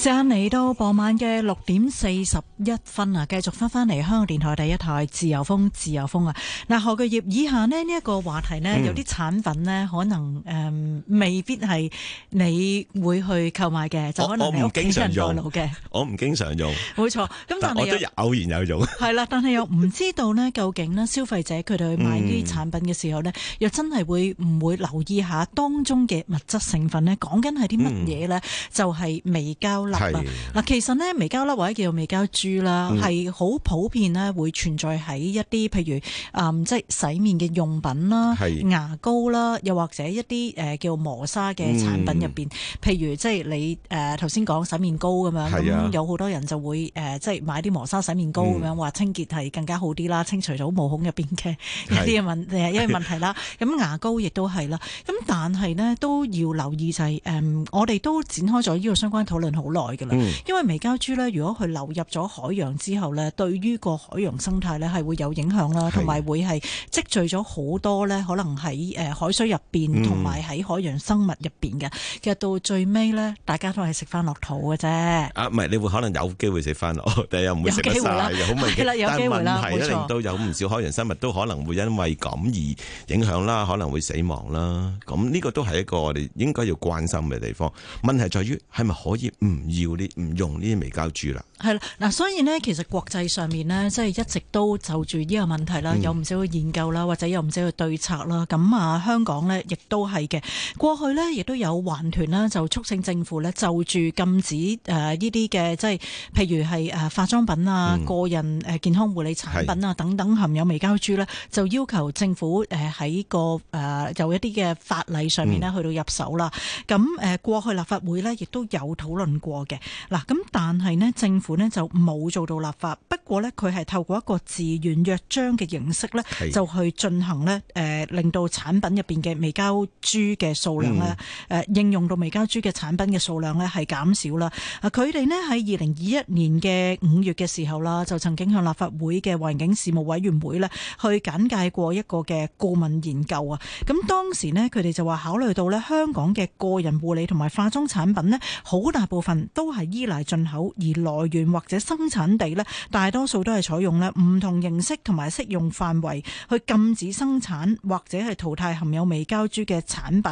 時間嚟到傍晚嘅六點四十一分啊，繼續翻翻嚟香港電台第一台自由風，自由風啊！嗱，何巨業，以下呢？呢、這、一個話題呢，嗯、有啲產品呢，可能誒、呃、未必係你會去購買嘅，就可能係屋企人用嘅。我唔經常用，冇錯。咁但係我都偶然有用，係 啦，但係又唔知道呢，究竟呢消費者佢哋去買呢啲產品嘅時候呢，嗯、又真係會唔會留意下當中嘅物質成分呢？講緊係啲乜嘢呢？嗯、就係微膠。嗱，是其實咧，微膠粒或者叫做微膠珠啦，係好、嗯、普遍咧，會存在喺一啲譬如誒、嗯，即係洗面嘅用品啦、是牙膏啦，又或者一啲誒、呃、叫磨砂嘅產品入邊。嗯、譬如即係你誒頭先講洗面膏咁樣，啊、有好多人就會誒、呃、即係買啲磨砂洗面膏咁樣，話、嗯、清潔係更加好啲啦，清除咗毛孔入邊嘅一啲問誒一啲問題啦。咁 牙膏亦都係啦。咁但係呢，都要留意就係、是、誒、嗯嗯，我哋都展開咗呢個相關討論好耐耐嘅啦，因為微膠珠咧，如果佢流入咗海洋之後咧，對於個海洋生態咧係會有影響啦，同埋會係積聚咗好多咧，可能喺誒海水入邊同埋喺海洋生物入邊嘅。其實到最尾咧，大家都係食翻落肚嘅啫。啊，唔係，你會可能有機會食翻落，但係又唔會食得曬，又好危險。但係問題咧，令到有唔少海洋生物都可能會因為咁而影響啦，可能會死亡啦。咁呢個都係一個我哋應該要關心嘅地方。問題在於係咪可以唔？要啲唔用呢啲微膠珠啦。係啦，嗱，所以呢，其實國際上面呢，即係一直都就住呢個問題啦，嗯、有唔少嘅研究啦，或者有唔少嘅對策啦。咁啊，香港呢，亦都係嘅，過去呢，亦都有環團啦，就促請政府呢，就住禁止誒呢啲嘅，即、呃、係譬如係誒化妝品啊、嗯、個人誒健康護理產品啊等等含有微膠珠咧，是就要求政府誒喺個誒有、呃、一啲嘅法例上面呢，去到入手啦。咁誒、嗯呃、過去立法會呢，亦都有討論過嘅，嗱，咁但係呢，政府本呢就冇做到立法，不過咧，佢係透過一個自願約章嘅形式咧，是就去進行咧，誒、呃、令到產品入邊嘅微膠珠嘅數量咧，誒、嗯呃、應用到微膠珠嘅產品嘅數量咧係減少啦。啊，佢哋咧喺二零二一年嘅五月嘅時候啦，就曾經向立法會嘅環境事務委員會咧去簡介過一個嘅顧問研究啊。咁當時咧佢哋就話考慮到咧香港嘅個人護理同埋化妝產品咧，好大部分都係依賴進口而來源。或者生產地呢，大多數都係採用咧唔同形式同埋適用範圍，去禁止生產或者係淘汰含有微膠珠嘅產品。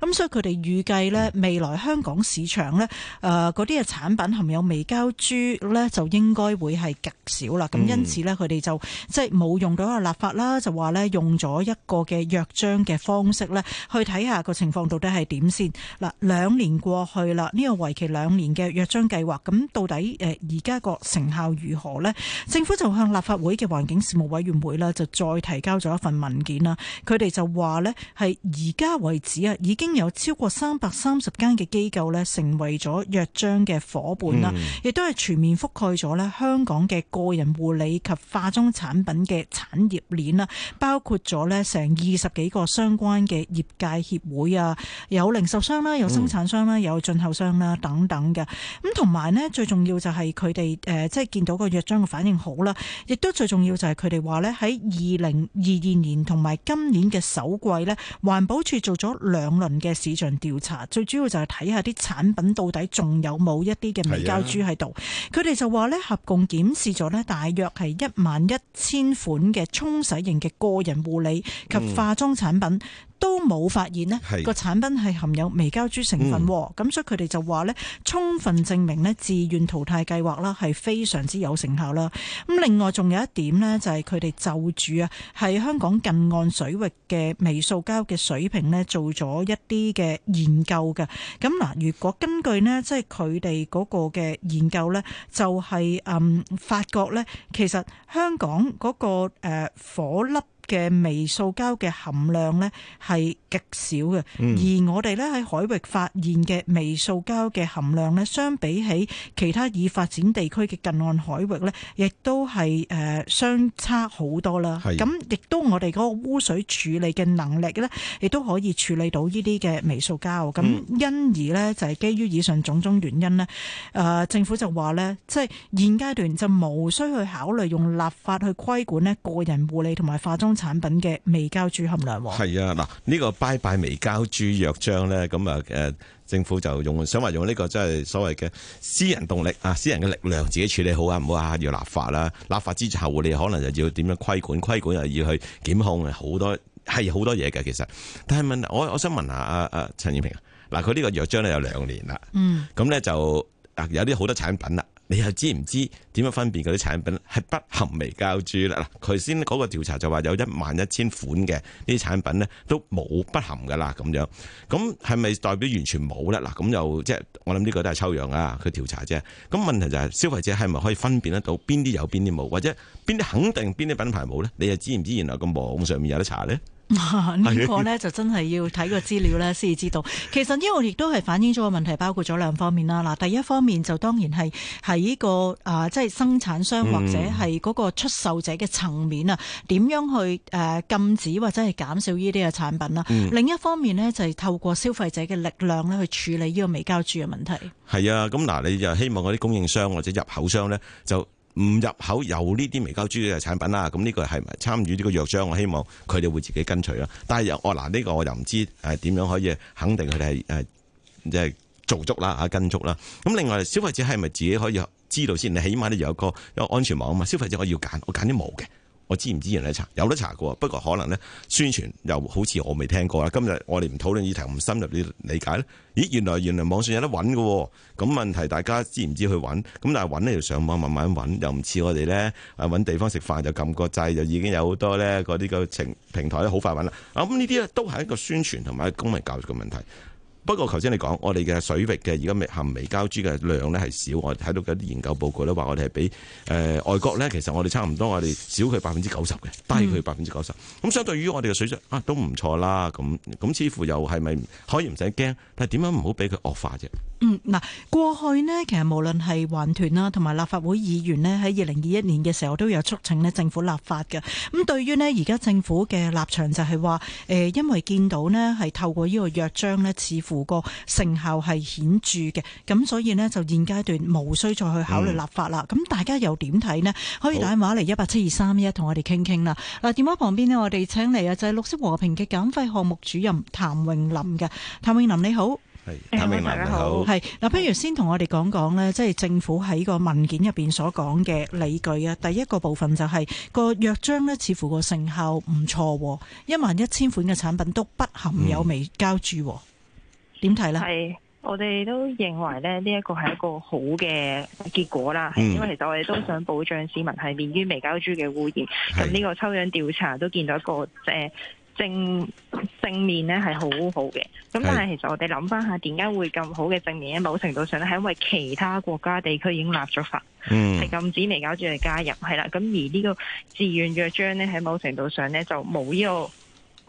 咁所以佢哋預計呢，未來香港市場呢，誒嗰啲嘅產品含有微膠珠呢，就應該會係極少啦。咁因此呢，佢哋就即係冇用到一個立法啦，就話呢，用咗一個嘅約章嘅方式呢，去睇下個情況到底係點先。嗱，兩年過去啦，呢個為期兩年嘅約章計劃，咁到底誒？呃而家個成效如何咧？政府就向立法會嘅環境事務委員會咧，就再提交咗一份文件啦。佢哋就話咧，係而家為止啊，已經有超過三百三十間嘅機構咧，成為咗約章嘅伙伴啦，嗯、亦都係全面覆蓋咗咧香港嘅個人護理及化妝產品嘅產業鏈啦，包括咗咧成二十幾個相關嘅業界協會啊，有零售商啦，有生產商啦，有進口商啦等等嘅。咁同埋咧，最重要就係、佢。佢哋誒即係見到個藥妝嘅反應好啦，亦都最重要就係佢哋話咧，喺二零二二年同埋今年嘅首季呢，環保署做咗兩輪嘅市場調查，最主要就係睇下啲產品到底仲有冇一啲嘅微膠珠喺度。佢哋、啊、就話呢，合共檢視咗呢，大約係一萬一千款嘅沖洗型嘅個人護理及化妝產品。嗯都冇發現呢個是產品係含有微膠珠成分，咁、嗯、所以佢哋就話呢充分證明呢自願淘汰計劃啦係非常之有成效啦。咁另外仲有一點呢，就係佢哋就住啊，喺香港近岸水域嘅微塑膠嘅水平呢做咗一啲嘅研究嘅。咁嗱，如果根據呢，即係佢哋嗰個嘅研究呢，就係、是、嗯發覺呢，其實香港嗰、那個、呃、火粒嘅微塑膠嘅含量咧係極少嘅，嗯、而我哋咧喺海域發現嘅微塑膠嘅含量咧，相比起其他已發展地區嘅近岸海域咧，亦都係誒、呃、相差好多啦。咁是亦都我哋嗰個污水處理嘅能力咧，亦都可以處理到呢啲嘅微塑膠，咁因而咧就係、是、基於以上種種原因咧，誒、呃、政府就話咧，即係現階段就無需去考慮用立法去規管咧個人護理同埋化妝。產品嘅微膠珠含量係啊，嗱、這、呢個拜拜微膠珠約章咧，咁啊，誒，政府就用想話用呢個即係所謂嘅私人動力啊，私人嘅力量自己處理好啊，唔好話要立法啦。立法之後，你可能又要點樣規管？規管又要去檢控好多係好多嘢嘅。其實，但係問我，我想問，問下阿阿陳燕平，嗱、呃，佢呢個約章咧有兩年啦，嗯，咁咧就啊有啲好多產品啊。你又知唔知點樣分辨嗰啲產品係不含微膠珠咧？嗱，頭先嗰個調查就話有一萬一千款嘅呢啲產品咧，都冇不含噶啦咁樣。咁係咪代表完全冇咧？嗱，咁就即係我諗呢個都係抽樣啊，佢調查啫。咁問題就係、是、消費者係咪可以分辨得到邊啲有、邊啲冇，或者邊啲肯定邊啲品牌冇咧？你又知唔知原來個網上面有得查咧？呢、啊這個呢，就真係要睇個資料呢先至知道。 其實呢個亦都係反映咗個問題，包括咗兩方面啦。嗱，第一方面就當然係喺、這個啊，即係生產商或者係嗰個出售者嘅層面啊，點樣、嗯、去誒禁止或者係減少呢啲嘅產品啦。嗯、另一方面呢，就係透過消費者嘅力量咧去處理呢個微膠珠嘅問題。係啊，咁嗱，你就希望嗰啲供應商或者入口商呢。就。唔入口有呢啲微膠珠嘅產品啦，咁呢個係參與呢個約章，我希望佢哋會自己跟隨啦。但係又哦嗱，呢個我又唔知誒點樣可以肯定佢哋係誒即係做足啦嚇跟足啦。咁另外消費者係咪自己可以知道先？你起碼都有個安全網啊嘛，消費者可以要揀，我揀啲冇嘅。我知唔知人哋查有得查過，不過可能呢，宣傳又好似我未聽過啦。今日我哋唔討論議題唔深入啲理解咧，咦？原來原來網上有得揾噶，咁問題大家知唔知去揾？咁但係揾呢要上網慢慢揾，又唔似我哋呢，啊揾地方食飯就撳個掣，就已經有好多呢嗰啲個平平台咧好快揾啦。啊咁呢啲都係一個宣傳同埋公民教育嘅問題。不過頭先你講，我哋嘅水域嘅而家未含微膠珠嘅量咧係少，我哋睇到嘅研究報告咧話我哋係比誒、呃、外國咧，其實我哋差唔多，我哋少佢百分之九十嘅，低佢百分之九十。咁、嗯、相對於我哋嘅水質啊，都唔錯啦。咁咁似乎又係咪可以唔使驚？但係點樣唔好俾佢惡化啫？嗱，過去咧，其實無論係環團啦，同埋立法會議員呢，喺二零二一年嘅時候都有促請咧政府立法嘅。咁對於咧而家政府嘅立場就係話，誒、呃，因為見到呢係透過呢個約章呢，似乎個成效係顯著嘅，咁所以呢，就現階段無需再去考慮立法啦。咁、嗯、大家又點睇呢？可以打電話嚟一八七二三一同我哋傾傾啦。嗱好，電話旁邊呢，我哋請嚟啊，就係綠色和平嘅減廢項目主任譚穎琳嘅。譚穎琳，譚穎琳你好。係，大家好。係嗱，不如先同我哋講講咧，即係政府喺個文件入邊所講嘅理據啊。第一個部分就係個約章咧，章似乎個成效唔錯，一萬一千款嘅產品都不含有微膠珠。點睇咧？係我哋都認為咧，呢一個係一個好嘅結果啦。係因為其實我哋都想保障市民係免於微膠珠嘅污染。咁呢是、嗯、個抽樣調查都見到一個誒。呃正正面咧係好好嘅，咁的但係其實我哋諗翻下點解會咁好嘅正面咧？某程度上咧係因為其他國家地區已經立咗法，係、嗯、禁止微膠珠嚟加入，係啦，咁而呢個自願約章咧喺某程度上咧就冇呢個。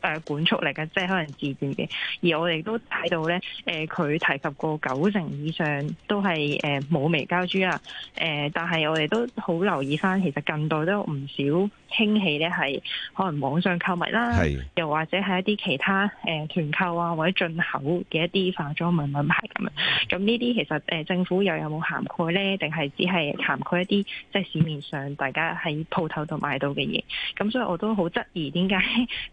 誒管束嚟嘅，即係可能自建嘅。而我哋都睇到咧，誒、呃、佢提及過九成以上都係誒冇微膠珠啊。誒、呃，但係我哋都好留意翻，其實近代都有唔少興起咧，係可能網上購物啦，是又或者係一啲其他誒、呃、團購啊，或者進口嘅一啲化妝品品牌咁樣。咁呢啲其實誒、呃、政府又有冇涵蓋咧？定係只係涵蓋一啲即係市面上大家喺鋪頭度買到嘅嘢？咁所以我都好質疑點解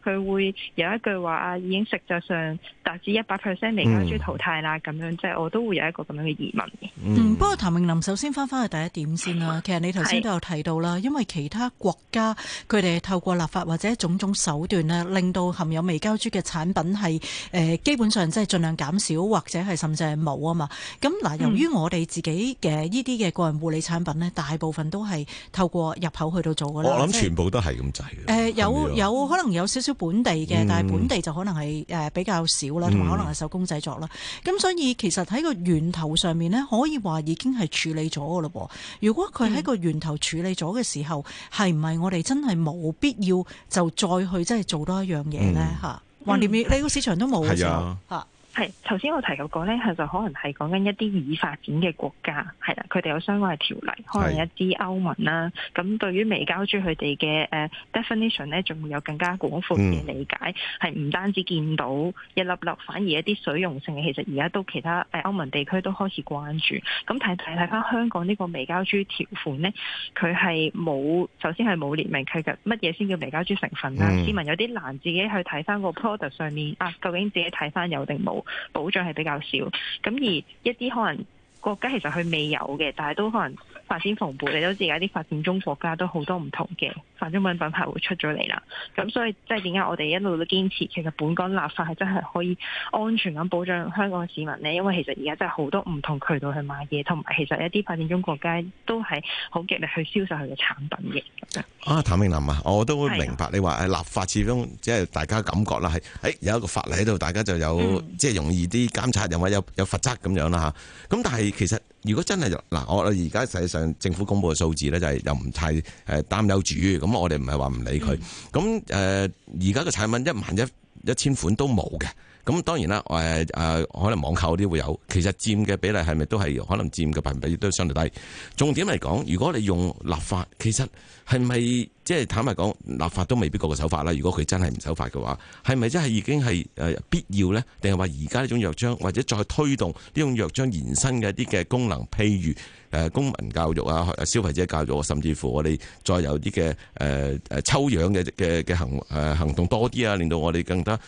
佢會。有一句話啊，已經實際上達至一百 percent 微膠珠淘汰啦，咁、嗯、樣即係我都會有一個咁樣嘅疑問。嗯，不過譚穎琳首先翻翻去第一點先啦。其實你頭先都有提到啦，是因為其他國家佢哋透過立法或者種種手段呢，令到含有微膠珠嘅產品係誒、呃、基本上即係盡量減少或者係甚至係冇啊嘛。咁嗱、呃，由於我哋自己嘅呢啲嘅個人護理產品呢，大部分都係透過入口去到做嘅啦。我諗全部都係咁滯嘅。誒、呃，有有，有，有可能有少少本地，嘅，但係本地就可能係誒比較少啦，同埋、嗯、可能係手工製作啦。咁所以其實喺個源頭上面咧，可以話已經係處理咗噶啦。如果佢喺個源頭處理咗嘅時候，係唔係我哋真係冇必要就再去即係做多一樣嘢咧？嚇、嗯、橫掂、啊、你個市場都冇啊，嚇、啊。係，頭先我提及過咧，係就可能係講緊一啲已發展嘅國家，係啦，佢哋有相關嘅條例，可能一啲歐盟啦，咁是對於微膠珠佢哋嘅誒 definition 咧，仲會有更加廣闊嘅理解，係唔、嗯、單止見到一粒粒，反而一啲水溶性嘅，其實而家都其他誒歐盟地區都開始關注。咁睇睇睇翻香港呢個微膠珠條款咧，佢係冇，首先係冇列明佢嘅乜嘢先叫微膠珠成分啦。嗯、市民有啲難自己去睇翻個 product 上面啊，究竟自己睇翻有定冇？保障係比較少，咁而一啲可能國家其實佢未有嘅，但係都可能。發展蓬勃，你都知而家啲發展中國家都好多唔同嘅化妝品品牌會出咗嚟啦。咁所以即係點解我哋一路都堅持，其實本港立法係真係可以安全咁保障香港市民呢？因為其實而家真係好多唔同渠道去買嘢，同埋其實一啲發展中國家都係好極力去銷售佢嘅產品嘅。啊，譚穎琳啊，我都會明白的你話立法始終即係大家感覺啦，係、哎、誒有一個法例喺度，大家就有、嗯、即係容易啲監察，又或者有有罰則咁樣啦嚇。咁但係其實。如果真係我而家實際上政府公布嘅數字咧，就係又唔太誒擔憂住，咁我哋唔係話唔理佢，咁誒而家嘅產品一萬一一千款都冇嘅。咁當然啦，誒、呃、誒，可能網購啲會有，其實佔嘅比例係咪都係可能佔嘅百分比都相對低。重點嚟講，如果你用立法，其實係咪即係坦白講，立法都未必個個守法啦。如果佢真係唔守法嘅話，係咪真係已經係誒必要呢？定係話而家呢種約章，或者再推動呢種約章延伸嘅一啲嘅功能，譬如誒公民教育啊、消費者教育，甚至乎我哋再有啲嘅誒誒抽樣嘅嘅嘅行誒、呃、行動多啲啊，令到我哋更加。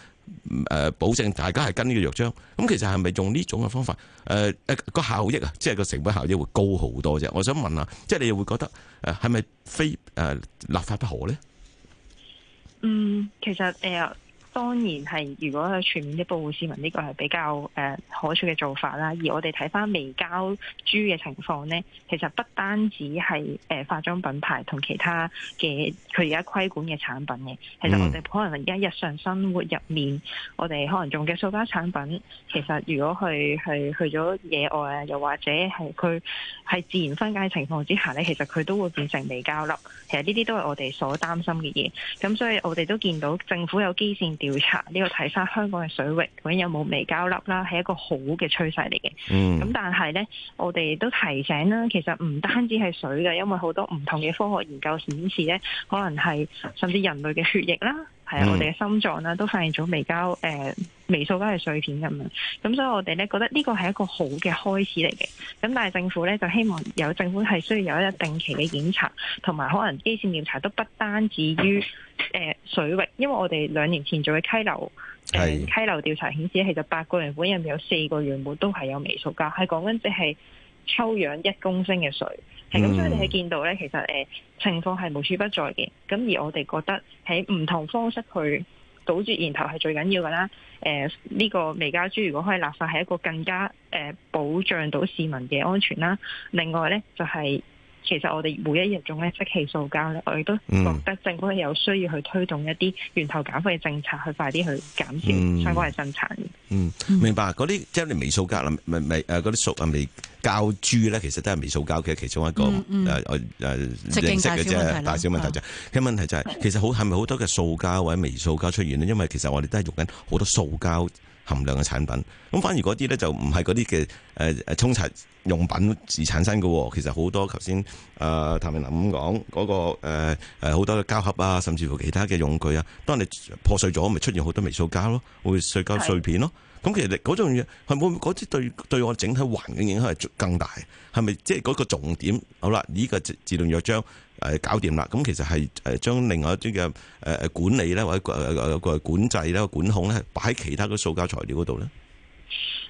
誒，保證大家係跟呢個藥章，咁其實係咪用呢種嘅方法？誒、呃、誒，個效益啊，即係個成本效益會高好多啫。我想問下，即、就、係、是、你又會覺得誒，係咪非誒、呃、立法不可咧？嗯，其實誒。當然係，如果係全面啲保護市民，呢、這個係比較誒、呃、可取嘅做法啦。而我哋睇翻微膠珠嘅情況呢，其實不單止係誒、呃、化妝品牌同其他嘅佢而家規管嘅產品嘅，其實我哋可能而家日常生活入面，我哋可能用嘅塑膠產品，其實如果去去去咗野外，又或者係佢係自然分解嘅情況之下呢，其實佢都會變成微膠粒。其實呢啲都係我哋所擔心嘅嘢。咁所以，我哋都見到政府有基線調查呢個睇翻香港嘅水域，究竟有冇微膠粒啦，係一個好嘅趨勢嚟嘅。嗯。咁但係呢，我哋都提醒啦，其實唔單止係水嘅，因為好多唔同嘅科學研究顯示呢，可能係甚至人類嘅血液啦。係啊，我哋嘅心臟啦，都發現咗微膠誒、呃、微塑膠係碎片咁樣，咁所以我哋咧覺得呢個係一個好嘅開始嚟嘅。咁但係政府咧就希望有政府係需要有一定期嘅檢查，同埋可能基線調查都不單止於誒、呃、水域，因為我哋兩年前做嘅溪流、呃、溪流調查顯示，其實八個樣本入面有四個樣本都係有微塑膠，係講緊即係，抽樣一公升嘅水，係咁，所以你係見到咧，其實誒情況係無處不在嘅。咁而我哋覺得喺唔同方式去堵住源頭係最緊要㗎啦。誒呢個微膠珠如果可以立法，係一個更加誒保障到市民嘅安全啦。另外咧就係。其實我哋每一日仲咧積氣塑膠咧，我亦都覺得政府係有需要去推動一啲源頭減廢嘅政策，去快啲去減少相關嘅生產嘅。嗯，明白嗰啲即係你微塑膠啦，微微誒嗰啲塑啊微膠珠咧，其實都係微塑膠嘅其中一個誒誒認識嘅啫，大小問題就係，一問題就係其實好係咪好多嘅塑膠或者微塑膠出現呢？因為其實我哋都係用緊好多塑膠。含量嘅產品，咁反而嗰啲咧就唔係嗰啲嘅誒誒沖刷用品而產生嘅喎。其實好多頭先誒譚穎琳咁講嗰個誒好、呃、多膠盒啊，甚至乎其他嘅用具啊，當你破碎咗，咪出現好多微塑膠咯，會碎膠碎片咯。咁是其實嗰種嘢係會唔會嗰啲對對我整體環境影響係更大？係咪即係嗰個重點？好啦，呢、這個自動約章。誒，搞掂啦！咁其實係誒，將另外一啲嘅誒管理咧，或者誒誒管制咧、管控咧，擺喺其他嘅塑膠材料嗰度咧。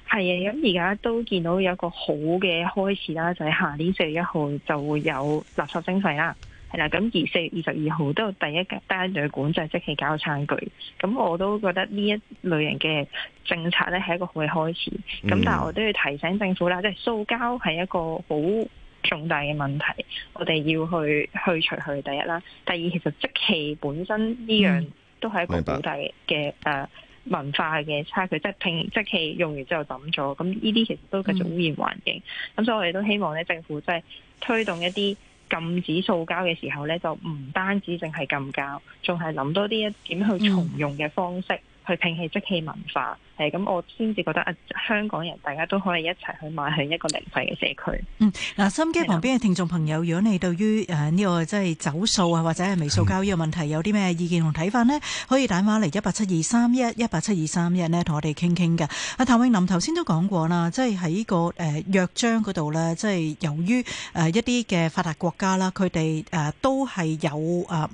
係啊，咁而家都見到有一個好嘅開始啦，就係下年四月一號就會有垃圾徵費啦，係啦。咁而四月二十二號都有第一單嘅管制即係膠餐具。咁我都覺得呢一類型嘅政策咧係一個好嘅開始。咁、嗯、但係我都要提醒政府啦，即係塑膠係一個好。重大嘅問題，我哋要去去除去第一啦，第二其實即棄本身呢、嗯、樣都係一個好大嘅誒文化嘅差距，即係拼即棄用完之後抌咗，咁呢啲其實都繼續污染環境，咁、嗯、所以我哋都希望咧政府即係推動一啲禁止塑膠嘅時候咧，就唔單止淨係禁膠，仲係諗多啲一點去重用嘅方式去摒棄即棄文化。嗯嗯。係咁，我先至覺得啊，香港人大家都可以一齊去買，係一個零廢嘅社區。嗯，嗱，心機旁邊嘅聽眾朋友，如果你對於誒、這、呢個即係走數啊，或者係微膠珠嘅問題，有啲咩意見同睇法呢，可以打電話嚟一八七二三一一八七二三一呢，同我哋傾傾㗎。阿譚穎琳頭先都講過啦，即係喺、這個誒、呃、約章嗰度呢，即係由於誒一啲嘅發達國家啦，佢哋誒都係有誒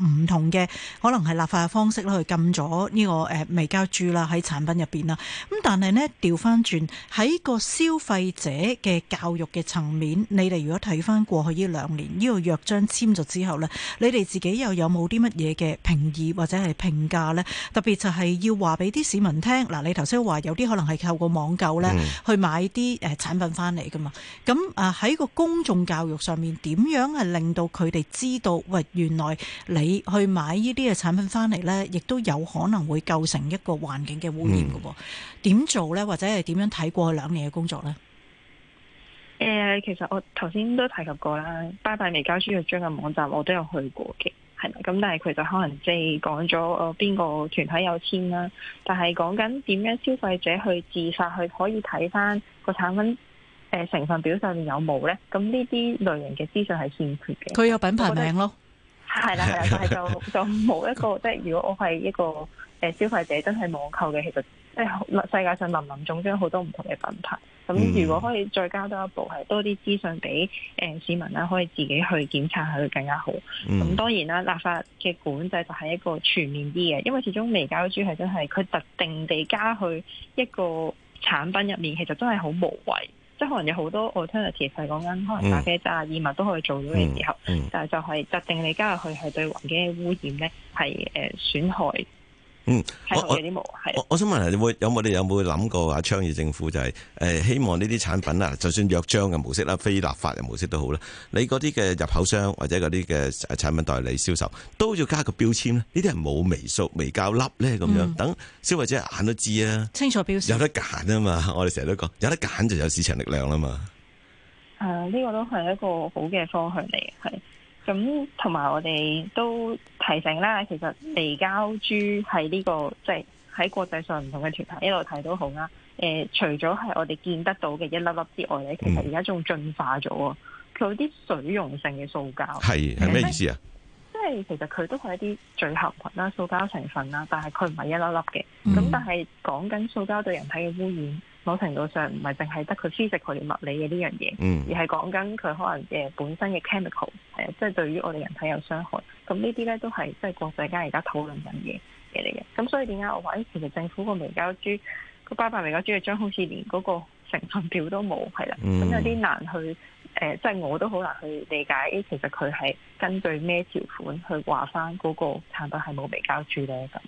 唔同嘅可能係立法嘅方式咧，去禁咗呢個誒微膠珠啦喺產品入邊啦。咁但係咧，調翻轉喺個消費者嘅教育嘅層面，你哋如果睇翻過去呢兩年呢、呢個約章簽咗之後呢，你哋自己又有冇啲乜嘢嘅評議或者係評價呢？特別就係要話俾啲市民聽嗱，你頭先話有啲可能係靠個網購呢，去買啲誒產品翻嚟噶嘛？咁啊喺個公眾教育上面點樣係令到佢哋知道喂，原來你去買呢啲嘅產品翻嚟呢，亦都有可能會構成一個環境嘅污染噶喎？嗯點做呢？或者係點樣睇過去兩年嘅工作呢？誒，其實我頭先都提及過啦，八大微膠珠嘅張嘅網站我都有去過嘅，係咪？咁但係佢就可能即係講咗誒邊個團體有簽啦，但係講緊點樣消費者去自查去可以睇翻個產品成分表上面有冇呢？咁呢啲類型嘅資訊係欠缺嘅，佢有品牌名咯，係啦係啦，但係就就冇一個即係如果我係一個誒消費者真係網購嘅，其實。即係世界上林林總總好多唔同嘅品牌，咁如果可以再加多一步，係多啲資訊俾誒市民咧，可以自己去檢查佢會更加好。咁當然啦，立法嘅管制就係一個全面啲嘅，因為始終微膠珠係真係佢特定地加去一個產品入面，其實真係好無謂。即係可能有好多 alternative 係講緊，可能咖啡渣呀、燕麥物都可以做到嘅時候，嗯嗯嗯、但係就係特定地加入去係對環境嘅污染咧，係誒、呃、損害。嗯，我我， 我，我，我想問下，有冇你有冇諗過阿倡議政府就係、是、誒希望呢啲產品啊，就算約章嘅模式啦，非立法嘅模式都好啦，你嗰啲嘅入口商或者嗰啲嘅產品代理銷售都要加個標籤，呢啲係冇微塑、微膠粒咧，咁樣、嗯、等消費者眼都知啊。清楚標示有得揀啊嘛，我哋成日都講，有得揀就有市場力量啦嘛。誒、啊，呢個都係一個好嘅方向嚟，係。咁同埋我哋都提醒啦，其實微膠珠係呢個，即係喺國際上唔同嘅團體一路睇都好啦。誒，除咗係我哋見得到嘅一粒粒之外咧，其實而家仲進化咗啊！佢有啲水溶性嘅塑膠，係係咩意思啊？即係其實佢都係一啲聚合菌啦、塑膠成分啦，但係佢唔係一粒粒嘅。咁但係講緊塑膠對人體嘅污染。某程度上唔係淨係得佢輸食佢哋物理嘅呢樣嘢，而係講緊佢可能誒本身嘅 chemical 誒，即係對於我哋人體有傷害。咁呢啲咧都係即係國際間而家討論緊嘅嘢嚟嘅。咁所以點解我話其實政府個微膠珠個包裝微膠珠嘅將好似連嗰個成分表都冇，係啦。咁有啲難去誒，即係我都好難去理解，其實佢係根據咩條款去話翻嗰個產品係冇微膠珠咧咁。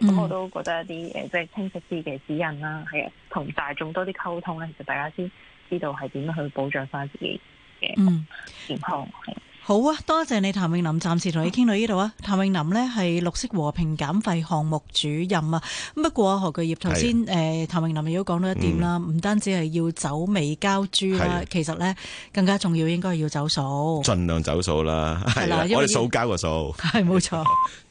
咁、嗯、我都覺得一啲誒，即、呃、係清晰啲嘅指引啦，係啊，同大眾多啲溝通咧，其實大家先知道係點樣去保障翻自己嘅健康。係、嗯、好啊，多謝你，譚穎琳，暫時同你傾到呢度啊。嗯、譚穎琳呢係綠色和平減廢項目主任啊。不過何巨業頭先誒，譚穎琳亦都講到一點啦，唔單止係要走微膠珠啦，的其實咧更加重要應該係要走數，儘量走數啦。係啦，我哋數交個數，係冇錯。